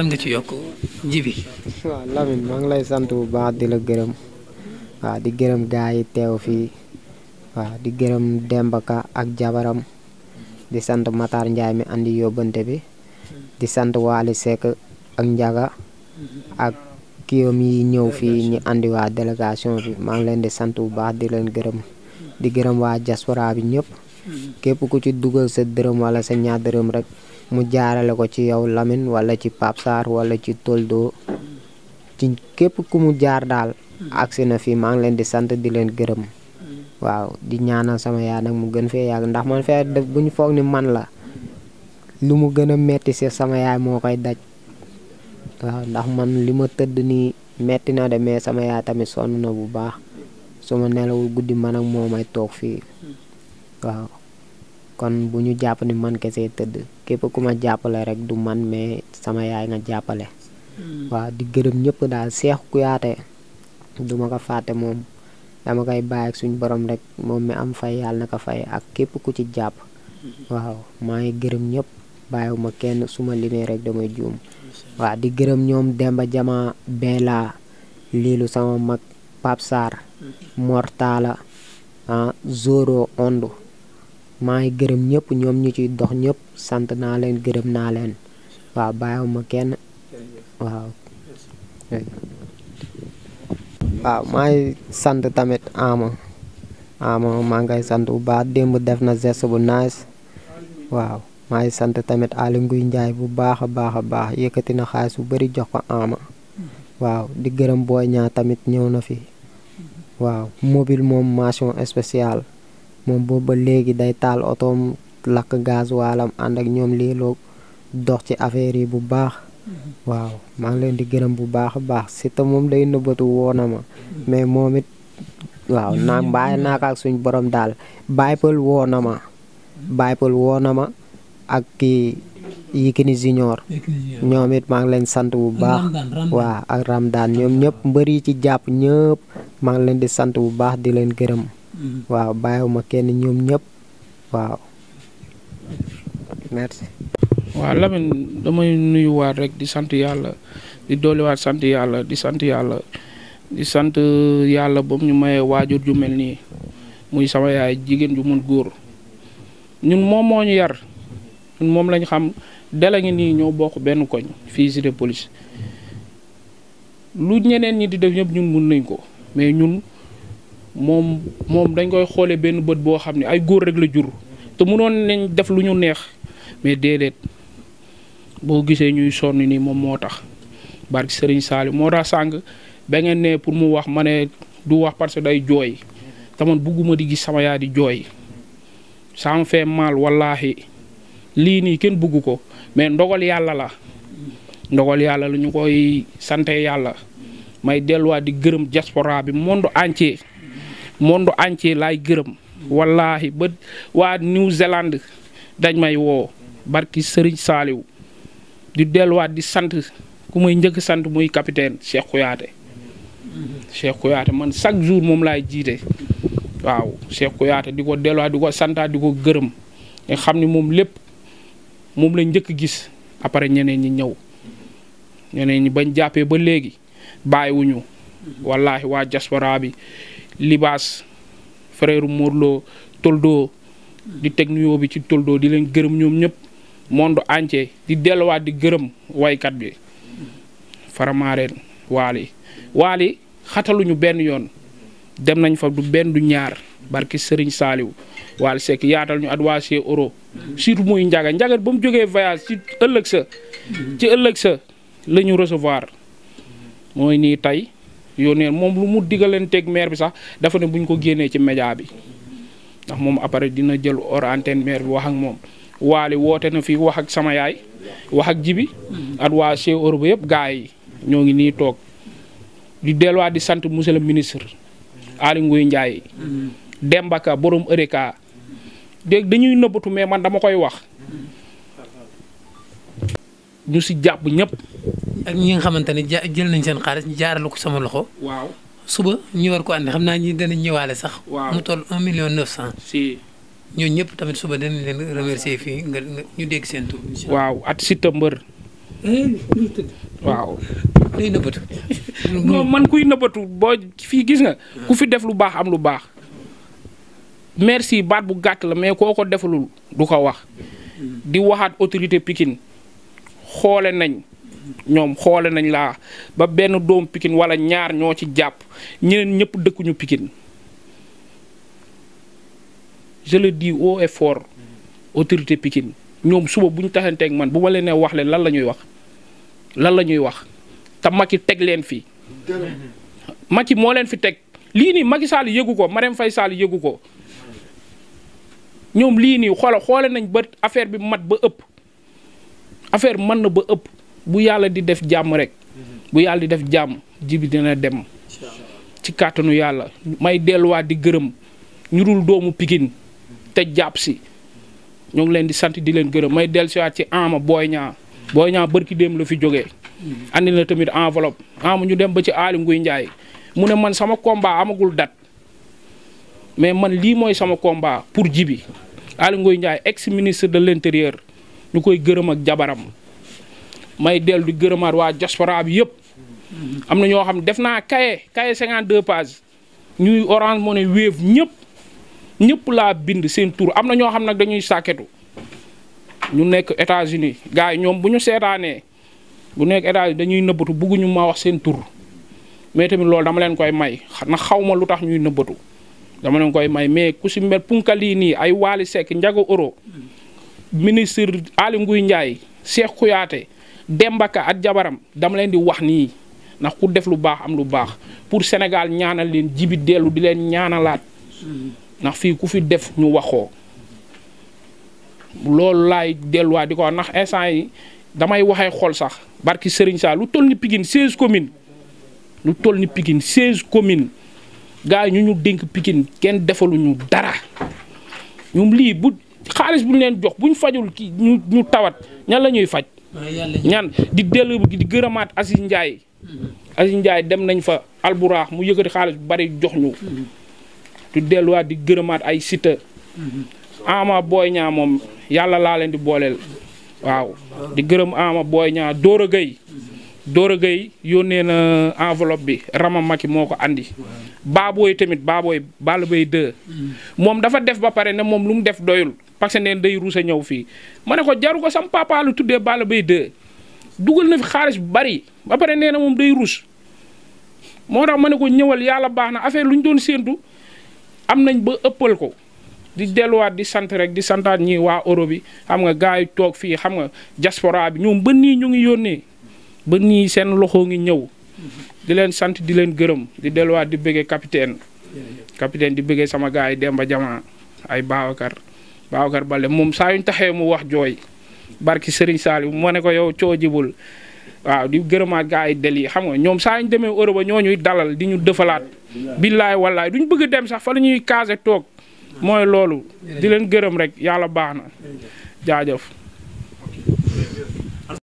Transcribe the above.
lan nga ngi lay sant bu baax di la gërëm waaw di gërëm gaa yi teew fii waaw di gërëm dembaka ak jabaram di sant Matar njaay mi àndi yóbbante bi di sant Waly Seck ak njaga ak kiyom yi ñëw fii ñu andi waa délégation bi maa ngi leen di sant bu baax di leen gërëm di gërëm waa diaspora bi ñëpp. képp ku ci dugal sa dërëm wala sa ñaar dërëm rek mu jaarale ko ci yow Lamine walla ci Pape Sarr wala ci Toldo ci képp ku mu jaar daal agsi na fii maa ngi leen di sant di leen gërëm waaw di ñaanal sama yaay nag mu gën fee yàgg ndax man fee def bu ñu foog ni man la lu mu gën a metti si sama yaay moo koy daj waaw ndax man li ma tëdd nii metti na de mais sama yaay tamit sonn na bu baax su ma nelawul guddi man ak moo may toog fii waaw kon bu ñu jàpp ni man kese tëdd képp ku ma jàppale rek du man mais sama yaay nga jàppale. Hmm. waaw di gërëm ñépp daal seex ku yaate duma ko fàtte moom dama koy bàyyi suñ suñu borom rek moom mi am fay yàlla na ko fay ak képp ku ci jàpp. Hmm. waaw maa ngi gërëm ñëpp bàyyiwuma kenn su ma limee rek damay juum. waaw di gërëm ñoom Demba Jama Bella liilu sama mag Pape hmm. Mortala ah, Zoro Ondo. maa ngi gërëm ñépp ñoom ñu ciy dox ñëpp sant naa leen gërëm naa leen waaw bàyyiwuma kenn waaw waaw ngi sant tamit ama ama maa ngay sant bu baax démb def na geste bu nice waaw maa ngi sant tamit Aly Ngouille njaay bu baax a baax a baax yëkkati na xaalis bu bari jox ko ama waaw di gërëm booy ñaar tamit ñëw na fi waaw mobile moom mention spéciale moom boobu ba léegi day taal otoom lakk gaz waalam ànd ak ñoom lii loo dox ci affaire yi bu baax mm-hmm. waaw maa ngi leen di gërëm bu baax baax Siteu moom day nëbbatu woona ma mm-hmm. mais moom it waaw naa bàyyi naaka ak suñ borom daal Baipal woo na ma mm-hmm. Baipal woo na ma ak kii Yékini Junior ñoom maa leen sant bu baax waaw ak Ramdaan ñoom ñëpp mbër yi ci jàpp ñëpp maa ngi leen di sant bu baax di leen gërëm Mm-hmm. waaw bàyyiwuma kenn ñoom ñëpp waaw merci. waaw Lamine damay nuyuwaat rek di sant yàlla di dooliwaat sant yàlla di sant yàlla di sant yàlla ba mu ñu mayee waajur ju mel nii muy sama yaay jigéen ju mun góor ñun moom moo ñu yar ñun moom lañ xam dela nii ñoo bokk benn koñ fii de police lu ñeneen ñi di def ñun mun nañ ko mais ñun moom moom dañ koy xoole benn bët boo xam ne ay góor rek la jur te mënoon nañ def lu ñu neex mais déedéet boo gisee ñuy sonn nii moom moo tax barki sëriñ Saliou moo tax sàng ba ngeen ne pour mu wax ma ne du wax parce que day jooy te man bugguma di gis sama yaa di jooy ça me fait wallaahi lii nii kenn bugg ko mais ndogal yàlla la ndogal yàlla la ñu koy sante yàlla may delluwaat di gërëm diaspora bi monde entier monde entier laay gërëm wallaahi ba waa New Zealand dañ may woo barki sëriñ Saliou di delluwaat di sant ku may njëkk sant muy capitaine Cheikh Kouyaté Cheikh man chaque jour moom laay jiite waaw Cheikh Kouyaté di ko delluwaat di ko santaat di ko gërëm nga xam ne moom lépp moom la njëkk gis après ñeneen ñi ñëw ñeneen ñi bañ jàppee ba léegi bàyyiwuñu wallaahi waa diaspora bi libaas frère Morlo Toldo di teg bi ci Toldo di leen gërëm ñoom ñëpp monde entier di delluwaat di gërëm waykat bi faramaareen waali waali xataluñu benn yoon dem nañ fa du benn du ñaar barki Serigne Saliou waali Seck yaatal ñu advoissé euro surtout muy njaga njaga ba mu jógee voyage ci ëllëg sa ci ëllëg sa la ñu recevoir mooy nii tey yónnee moom lu mu diggalanteeg maire bi sax dafa ne buñ ko génnee ci média bi ndax moom après dina jël hors antenne maire bi wax ak moom waali woote na fii wax ak sama yaay wax ak jibi ak waa chez Europe yëpp gars yi ñoo ngi nii toog di delluwaat di sant monsieur le ministre Aly nguy Ndiaye Demba Ka borom Eureka dégg dañuy nëbbatu mais man dama koy wax ñu si jàpp ñëpp ak ñi nga xamante ne jël nañ seen xaalis jaarale ko sama loxo. waaw suba ñu war ko àndi xam naa ñi danañ ñëwaale sax. mu toll un million neuf cent. si ñooñu ñëpp tamit suba danañ leen remercier fii nga ñu dégg seen tur. waaw at si tëmbër. Eh, waaw. day fii gis nga. Hmm. ku fi def lu baax am lu baax. merci baat bu gàtt la mais koo ko defalul du ko wax. Hmm. di waxaat autorité Pikine xoole nañ. ñoom xoole nañ laa ba benn doom pikin wala ñaar ñoo ci jàpp ñeen ñëpp dëkkuñu pikin je le dis haut autorité pikin ñoom suba bu ñu taxanteeg man bu ma leen wax leen lan la ñuy wax lan la ñuy wax te Macky teg leen fi. ki moo leen fi teg lii nii mag Sall yëgu ko Marème fay Sall yëgu ko ñoom lii nii xoola xoole nañ ba affaire bi mat ba ëpp affaire mën na ba ëpp bu yàlla di def jàmm rek bu yàlla di def jàmm jibi dina dem ci kàttanu yàlla may delluwaat di gërëm ñu dul doomu pikin te jàpp si ñoo ngi leen di sant di leen gërëm may dellusiwaat ci Ama Boy Niang Boy Niang bërki dem la fi jógee andi na tamit enveloppe Ama ñu dem ba ci Aly Ngouille Ndiaye mu ne man sama combat amagul date mais man lii mooy sama combat pour jibi Aly Ngouille njaay ex ministre de l'intérieur ñu koy gërëm ak jabaram may dellu di gërëmaat waa diaspora bi yëpp am na ñoo xam def naa kaye kaye 52 pages ñuy Orange Money Wave ñëpp ñëpp laa bind seen tur am na ñoo xam nag dañuy sàkketu ñu nekk États-Unis gars yi ñoom bu ñu seetaanee bu nekk États-Unis dañuy nëbbatu buggu ñu ma wax seen tur mais tamit loolu dama leen koy may na xaw ma lu tax ñuy nëbbatu dama leen koy may mais ku si mel punkal nii ay Waly Seck Ndiago Euro ministre Aly Ngouille Ndiaye Cheikh Kouyaté Demba Ka ak jabaram dama leen di wax nii ndax ku def lu baax am lu baax pour Sénégal ñaanal leen jibi dellu di leen ñaanalaat ndax fii ku fi def ñu waxoo loolu lay delluwaat di ko wax ndax instant yi damay waxee xol sax barki Serigne Sall lu toll ni Pikine 16 communes lu toll ni pikin 16 communes gars yi ñu ñu dénk pikin kenn defaluñu dara ñoom lii bu xaalis bu ñu leen jox bu ñu fajul ki ñu tawat ñan la ñuy faj. ñaan di dellu di gërëmaat asi Ndiaye. Mm-hmm. Aziz Ndiaye dem nañ fa alburaax mu yëkkati xaalis bu bari jox ñu. Mm-hmm. di delluwaat di gërëmaat ay Siteu. Mm-hmm. Ama booy ñaa moom yàlla laa leen di booleel. waaw di gërëm Ama Boy Niang Dóora Gueye. Dóora gëy yónnee na enveloppe bi Rama Maki moo ko andi. baabooy tamit baabooy Balla Gaye 2 mm. moom dafa def ba pare ne moom lu mu def doyul parce que neen day ruus a ñëw fii ma ne ko jaru ko sam papa lu tuddee Balla Gaye 2 dugal na fi xaalis bu bari ba pare nee na moom day ruus moo tax ma ne ko ñëwal yàlla baax na affaire lu ñu doon séentu am nañ ba ëppal ko di delluwaat di sant rek di santaat ñii waa Europe bi xam nga gars yi toog fii xam nga diaspora bi ñoom ba nii ñu ngi yónnee ba nii seen loxo ngi ñëw. di leen sant di leen gërëm di delluwaat di bëggee capitaine. capitaine di bëggee sama gars yi Demba Jama ay Babacar Babacar Bale moom saa yuñ taxee mu wax jooy barki Serigne Saliou moo ne ko yow coo jibul waaw di gërëmaat gars yi del yi xam nga ñoom saa ñu demee Europe ñoo ñuy dalal di ñu dëfalaat. billaay wallaay duñ bëgg dem sax fa la ñuy kaase toog. mooy loolu. di leen gërëm rek yàlla baax na jaajëf.